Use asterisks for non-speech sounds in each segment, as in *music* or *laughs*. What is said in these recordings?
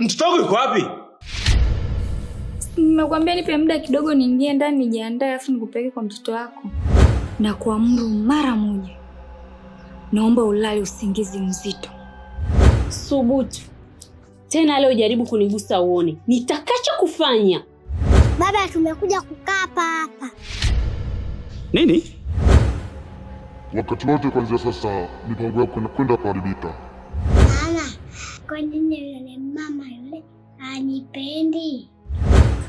Mtoto wako yuko wapi? Nimekwambia nipe muda kidogo niingie ndani nijiandae, afu nikupeleke kwa mtoto wako. Na kuamuru mara moja, naomba ulale usingizi mzito. Subutu tena leo, jaribu kunigusa uone nitakacho kufanya. Baba, tumekuja kukaa hapa hapa nini? Wakati wote kuanzia sasa, mipango yako inakwenda kuharibika kwanini yule mama yule anipendi?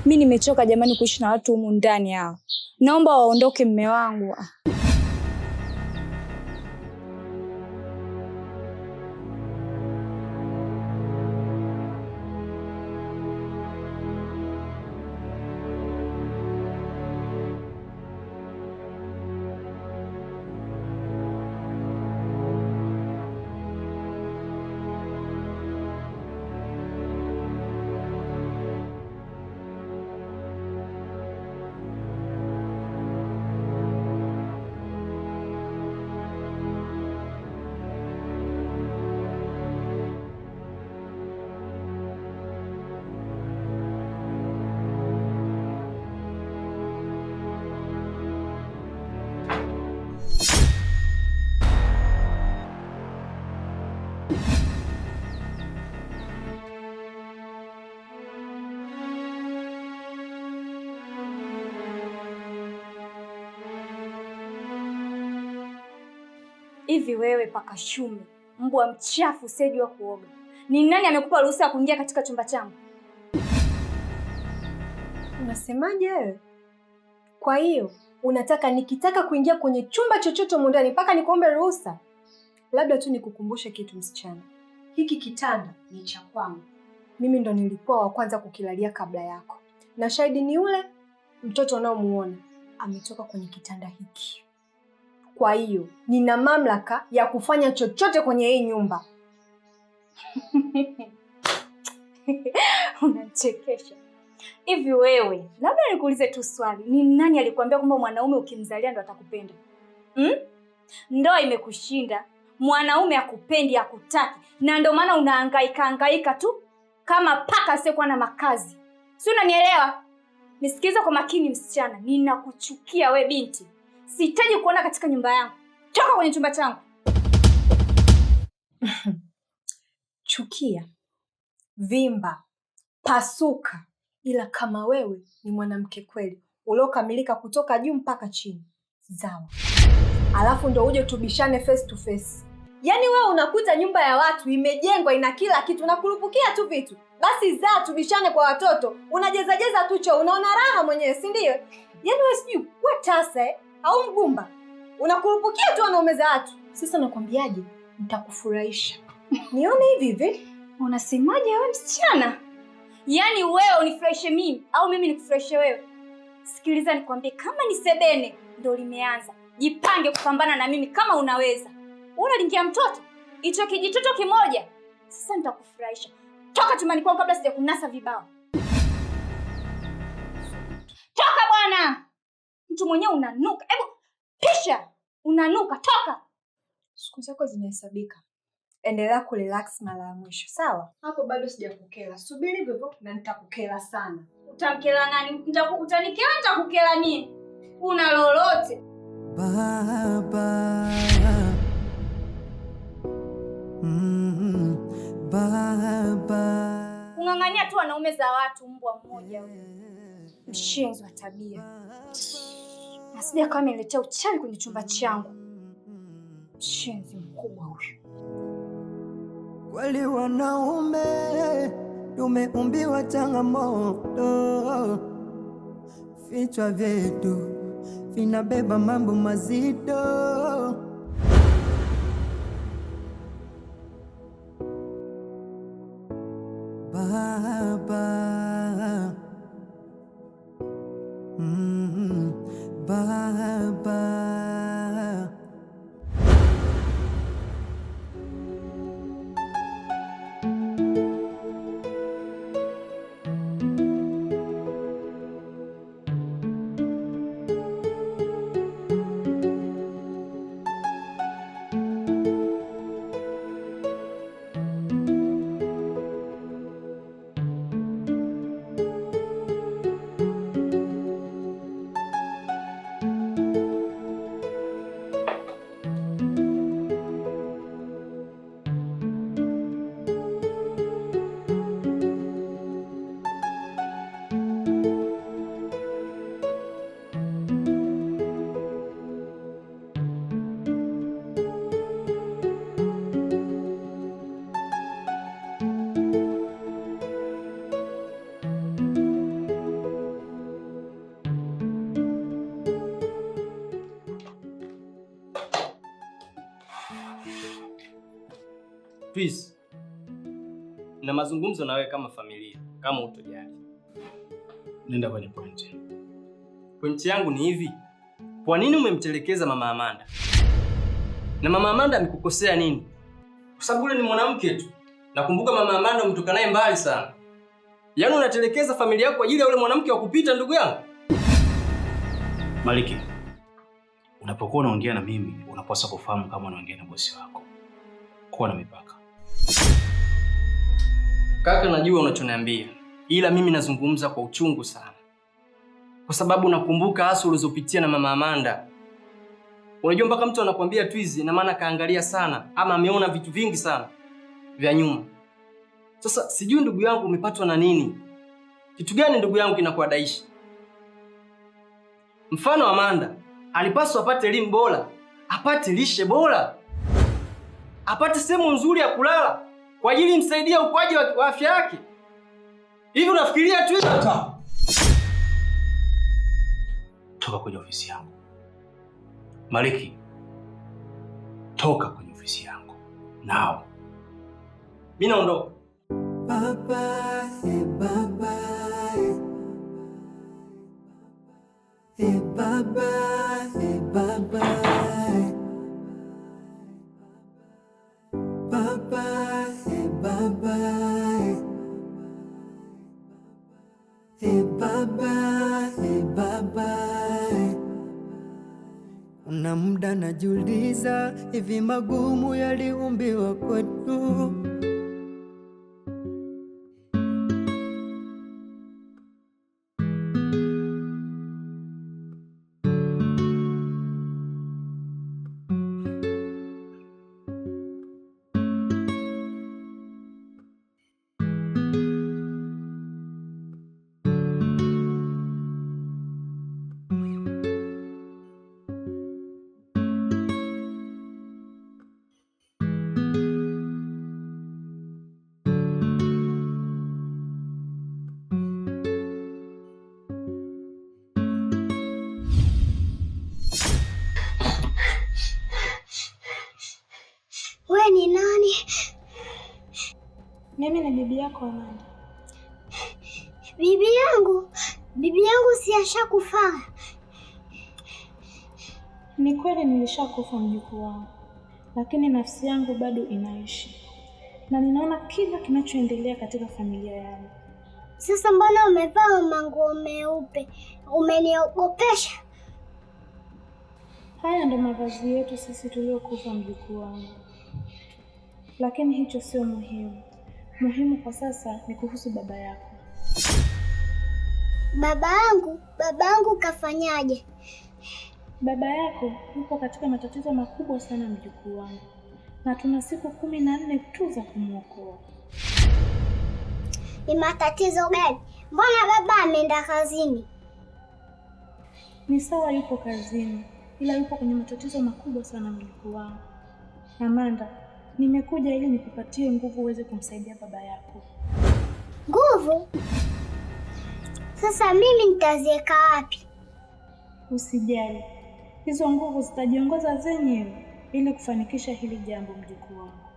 Mimi nimechoka jamani, kuishi na watu humu ndani hao. Naomba waondoke, mme wangu. Hivi wewe paka shume mbwa mchafu usiyejua kuoga, ni nani amekupa ruhusa ya kuingia katika chumba changu? Unasemaje wewe? Kwa hiyo unataka nikitaka kuingia kwenye chumba chochote humo ndani mpaka nikuombe ruhusa? Labda tu nikukumbushe kitu, msichana, hiki kitanda ni cha kwangu. Mimi ndo nilikuwa wa kwanza kukilalia kabla yako, na shahidi ni yule mtoto unaomuona ametoka kwenye kitanda hiki. Kwa hiyo nina mamlaka ya kufanya chochote kwenye hii nyumba. *laughs* Unachekesha. Hivi wewe, labda nikuulize tu swali, ni nani alikwambia kwamba mwanaume ukimzalia ndo atakupenda? Hmm? Ndoa imekushinda, mwanaume akupendi, akutaki, na ndio maana unahangaika hangaika tu kama paka asiyekuwa na makazi. Si unanielewa? nisikiliza kwa makini, msichana, ninakuchukia we binti Sihitaji kuona katika nyumba yangu. Toka kwenye chumba changu. *laughs* Chukia, vimba, pasuka, ila kama wewe ni mwanamke kweli uliokamilika kutoka juu mpaka chini, zawa. Alafu ndo uje tubishane face to face. Yaani wewe unakuta nyumba ya watu imejengwa, ina kila kitu, nakurupukia tu vitu, basi zaa, tubishane kwa watoto, unajezajeza tu unaona raha mwenyewe, si ndio? Yaani wewe sijui kwa tasa eh? au mgumba? Unakurupukia tu wanaume za watu. Sasa nakwambiaje, nitakufurahisha. *laughs* Nione hivi hivi. Unasemaje wewe msichana? Yaani wewe unifurahishe mimi au mimi nikufurahishe wewe? Sikiliza nikwambie, kama ni sebene ndio limeanza, jipange kupambana na mimi kama unaweza. Unalingia mtoto hicho kijitoto kimoja. Sasa nitakufurahisha. Toka tumani kwangu kabla sija kunasa vibao. Toka bwana! mtu mwenyewe unanuka. Hebu pisha, unanuka toka. Siku zako zimehesabika, endelea kurelax mara ya mwisho, sawa? Hapo bado sijakukela, subiri hivyo na nitakukela sana. Utamkela nani? Utanikela, nitakukela nini? Una lolote baba? Mm, baba kung'ang'ania tu wanaume za watu, mbwa mmoja, mshenzi wa tabia asija kama ameletea uchawi kwenye chumba changu. Shenzi mkubwa huyu. Kweli wanaume tumeumbiwa changamoto, vichwa vyetu vinabeba mambo mazito Please. Na mazungumzo na wewe kama familia, kama utojali. Nenda kwenye point. Point yangu ni hivi. Kwa nini umemtelekeza mama Amanda? Na mama Amanda amekukosea nini? Kwa sababu yule ni mwanamke tu. Nakumbuka mama Amanda umetoka naye mbali sana. Yaani unatelekeza familia yako kwa ajili ya yule mwanamke wa kupita ndugu yangu? Maliki, unapokuwa unaongea na mimi, unapaswa kufahamu kama unaongea na bosi wako. Kuwa na mipaka. Kaka, najua unachoniambia, ila mimi nazungumza kwa uchungu sana, kwa sababu nakumbuka hasa ulizopitia na mama Amanda. Unajua, mpaka mtu anakuambia twizi, na maana kaangalia sana ama ameona vitu vingi sana vya nyuma. Sasa sijui ndugu yangu umepatwa na nini, kitu gani ndugu yangu kinakuadaisha? Mfano, Amanda alipaswa apate elimu bora, apate lishe bora apate sehemu nzuri ya kulala kwa ajili msaidia ukuaji wa afya yake. Hivi unafikiria tu hata toka kwenye ofisi yangu Maliki, toka kwenye ofisi yangu nao, mimi naondoka. Baba, baba, baba. Kuna muda najiuliza, hivi magumu yaliumbiwa kwetu? Wewe ni nani? Mimi ni bibi yako Amanda. Bibi yangu? Bibi yangu si ashakufa? Ni kweli nilishakufa mjukuu wangu, lakini nafsi yangu bado inaishi na ninaona kila kinachoendelea katika familia yangu. Sasa mbona umevaa manguo meupe? Umeniogopesha. Haya ndo mavazi yetu sisi tuliokufa, mjukuu wangu lakini hicho sio muhimu. Muhimu kwa sasa ni kuhusu baba yako. Baba yangu, baba yangu kafanyaje? Baba yako yupo katika matatizo makubwa sana, mjukuu wangu, na tuna siku kumi na nne tu za kumwokoa. Ni matatizo gani? Mbona baba ameenda kazini? Ni sawa, yupo kazini, ila yupo kwenye matatizo makubwa sana, mjukuu wangu Amanda. Nimekuja ili nikupatie nguvu uweze kumsaidia baba yako. Nguvu? Sasa mimi nitaziweka wapi? Usijali, hizo nguvu zitajiongoza zenyewe ili kufanikisha hili jambo, mjukuu wangu.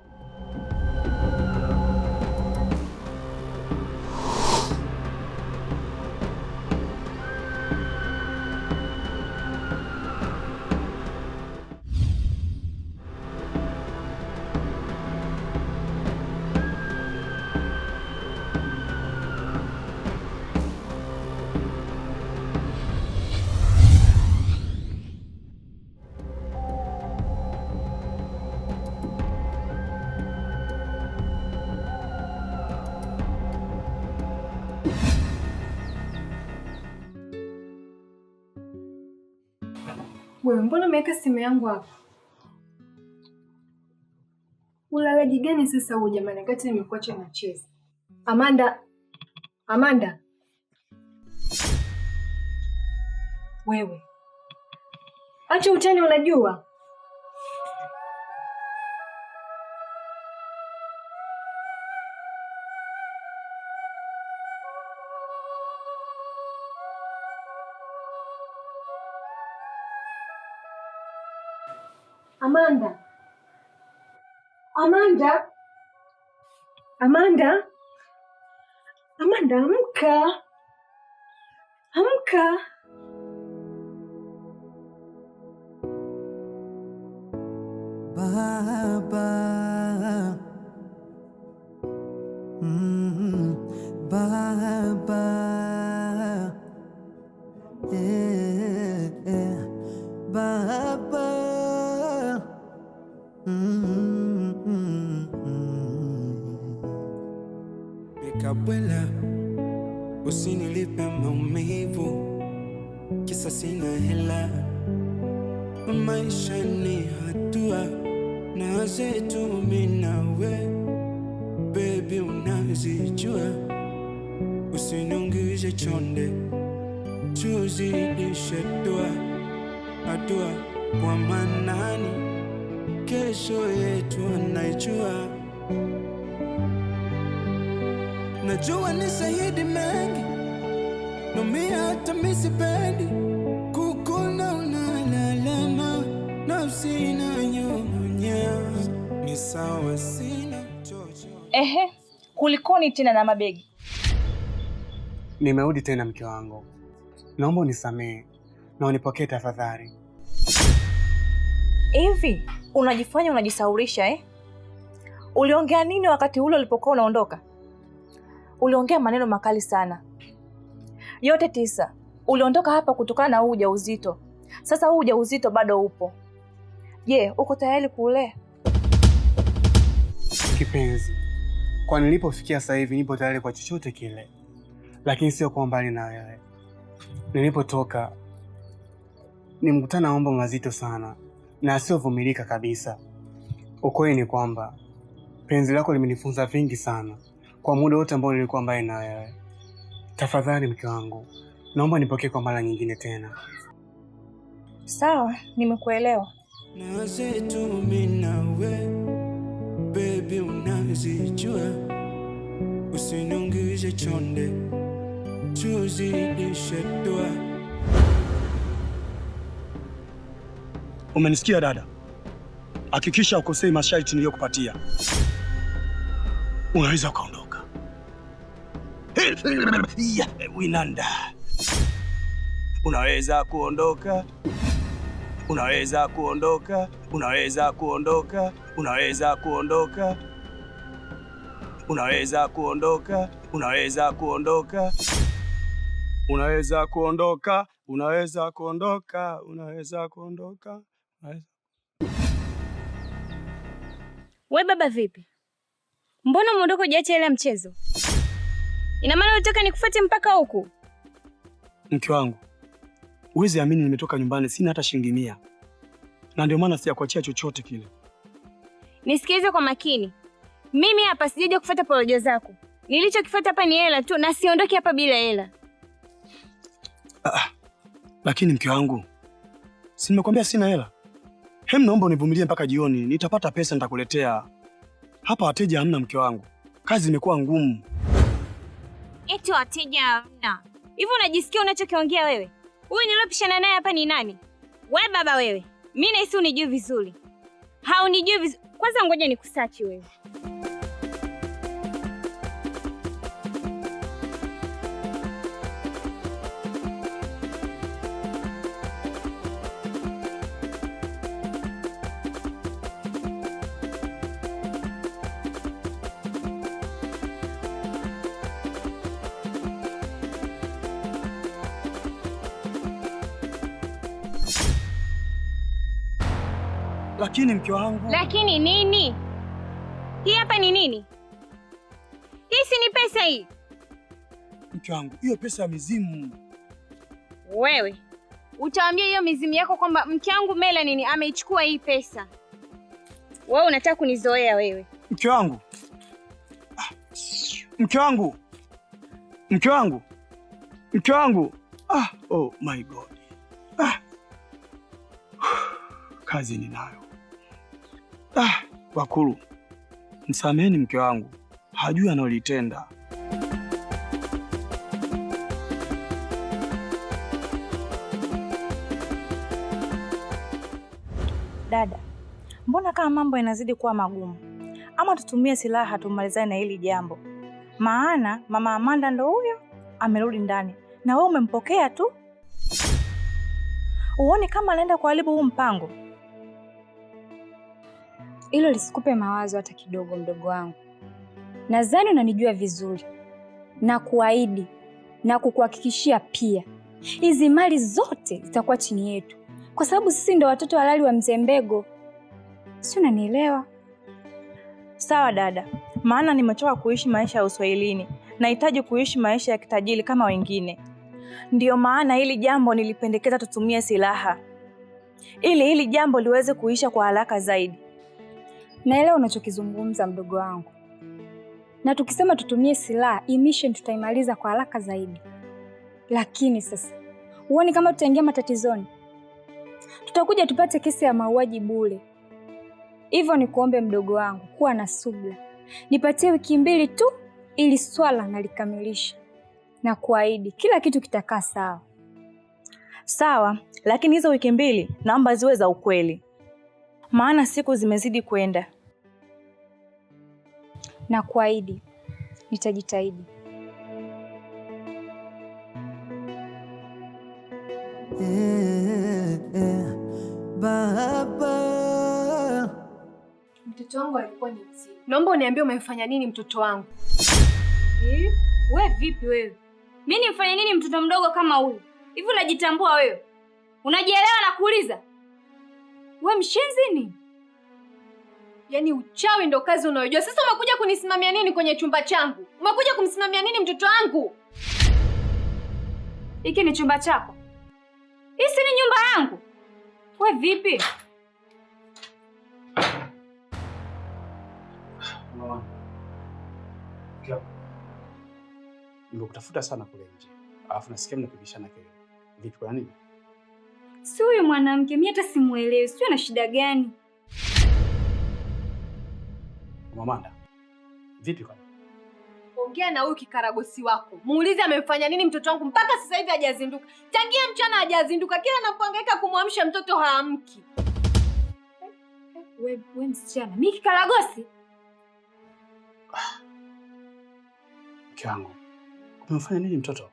Wewe mbona umeweka simu yangu hapa? Ulalaji gani sasa huo jamani, wakati nimekuacha nacheza? Amanda, Amanda wewe, acha utani, unajua Amanda, Amanda, Amanda, amka, amka. Baba pesa, sina hela, maisha ni hatua na zetu mimi baby unazijua, usiniungize chonde, tuzidishe dua hatua kwa manani, kesho yetu naijua, najua ni zaidi mengi, naumia hata misipendi sina ni sawa sina Ehe, kulikoni tena na mabegi? Nimerudi tena mke wangu, naomba unisamehe na unipokee tafadhali. Hivi unajifanya unajisaurisha eh? Uliongea nini wakati ule ulipokuwa unaondoka? Uliongea maneno makali sana, yote tisa. Uliondoka hapa kutokana na huu ujauzito. Sasa huu ujauzito bado upo, Je, yeah, uko tayari kule? Kipenzi, kwa nilipofikia sasa hivi nipo tayari kwa chochote kile, lakini sio kwa mbali na wewe. Nilipotoka nimkutana mambo mazito sana na asiyovumilika kabisa. Ukweli ni kwamba penzi lako limenifunza vingi sana kwa muda wote ambao nilikuwa mbali na wewe. Tafadhali mke wangu, naomba nipokee kwa mara nyingine tena. Sawa, nimekuelewa na zetu mimi nawe baby, unazijua usinungize chonde, tuzidishe dua. Umenisikia dada? Hakikisha ukosei masharti niliyokupatia, unaweza ukaondoka. *laughs* Winanda, unaweza kuondoka unaweza kuondoka, unaweza kuondoka, unaweza kuondoka, unaweza kuondoka, unaweza kuondoka, unaweza kuondoka, unaweza kuondoka, unaweza kuondoka. We baba, vipi? Mbona umeondoka hujaacha ile mchezo? Ina maana unataka nikufuate mpaka huku, mke wangu? Uwezi amini, nimetoka nyumbani sina hata shilingi mia, na ndio maana sijakuachia chochote kile. Nisikilize kwa makini, mimi hapa sijaja kufuata porojo zako. Nilichokifuata hapa ni hela tu, na siondoki hapa bila hela. Ah, lakini mke wangu, si nimekwambia sina hela? Hem, naomba univumilie mpaka jioni, nitapata pesa nitakuletea. Hapa wateja hamna, mke wangu, kazi imekuwa ngumu. Eti wateja hamna? Hivi unajisikia unachokiongea wewe? Huyu niliopishana naye hapa ni nani? We baba wewe, mi nahisi unijui vizuri. Haunijui vizuri. Kwanza ngoja nikusachi wewe. Lakini mke wangu. Lakini nini? Hii hapa ni nini? Hii si ni pesa hii? Mke wangu, hiyo pesa ya mizimu. Wewe utaambia hiyo mizimu yako kwamba mke wangu Melanini ameichukua hii pesa. Wewe unataka kunizoea wewe. Mke wangu. Ah, mke wangu. Mke wangu. Mke wangu. Ah, oh my God. Ah. *sighs* Kazi ninayo. Ah, wakulu, msameheni mke wangu, hajui analitenda Dada, mbona kama mambo yanazidi kuwa magumu? Ama tutumie silaha tumalizane na hili jambo, maana mama Amanda ndo huyo amerudi ndani na wewe umempokea tu. Uone kama anaenda kuharibu huu mpango hilo lisikupe mawazo hata kidogo, mdogo wangu. Nadhani unanijua vizuri na kuahidi na kukuhakikishia pia, hizi mali zote zitakuwa chini yetu, kwa sababu sisi ndo watoto halali wa mzee Mbego, si unanielewa? Sawa dada, maana nimetoka kuishi maisha ya uswahilini, nahitaji kuishi maisha ya kitajiri kama wengine. Ndiyo maana hili jambo nilipendekeza tutumie silaha ili hili jambo liweze kuisha kwa haraka zaidi. Naelewa unachokizungumza mdogo wangu, na tukisema tutumie silaha emission tutaimaliza kwa haraka zaidi, lakini sasa huoni kama tutaingia matatizoni? Tutakuja tupate kesi ya mauaji bure. Hivyo nikuombe mdogo wangu, kuwa na subira, nipatie wiki mbili tu ili swala nalikamilisha na kuahidi kila kitu kitakaa sawa. Sawa, lakini hizo wiki mbili naomba ziwe za ukweli, maana siku zimezidi kwenda na kuahidi nitajitahidi. Eh, eh, baba, mtoto wangu alikuwa ni mzima. Naomba uniambie umemfanya nini mtoto wangu? we vipi wewe? Mi nimfanya nini mtoto mdogo kama huyu? Hivi unajitambua wewe? Unajielewa? Nakuuliza we, mshenzi ni Yaani uchawi ndo kazi unayojua. Sasa umekuja kunisimamia nini kwenye chumba changu? Umekuja kumsimamia nini mtoto wangu? Hiki ni chumba chako, hii si ni nyumba yangu. We vipi mama? Nimekutafuta sana kule nje, alafu nasikia mnapigishana kelele. Vipi, kwa nini? Si huyu mwanamke, mimi hata simuelewi, Sio na shida gani. Mwamanda, vipi kwani? Ongea na huyu kikaragosi wako, muulize amemfanya nini mtoto wangu mpaka sasa hivi hajazinduka. Tangia mchana hajazinduka, kila anapohangaika kumwamsha mtoto haamki. We, we msichana, mi kikaragosi? Ah. Mke wangu, umemfanya nini mtoto?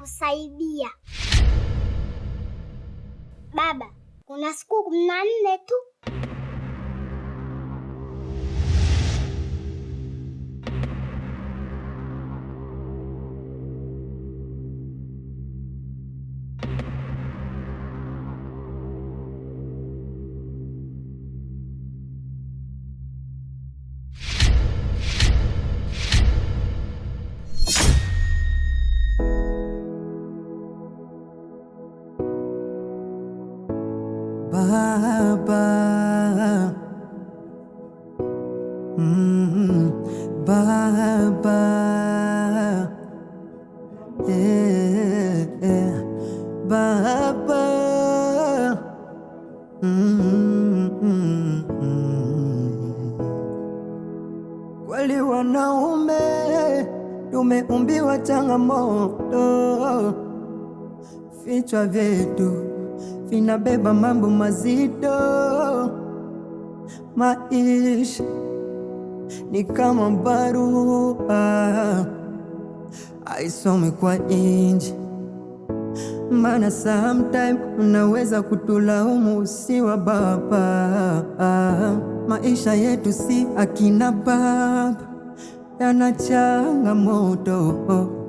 kusaidia Baba, kuna siku kumi na nne tu wanaume tumeumbiwa changamoto, vichwa vyetu vinabeba mambo mazito. Maisha ni kama barua, aisome kwa inji, maana sometime unaweza kutulaumu usiwa baba. Maisha yetu si akina baba yana changamoto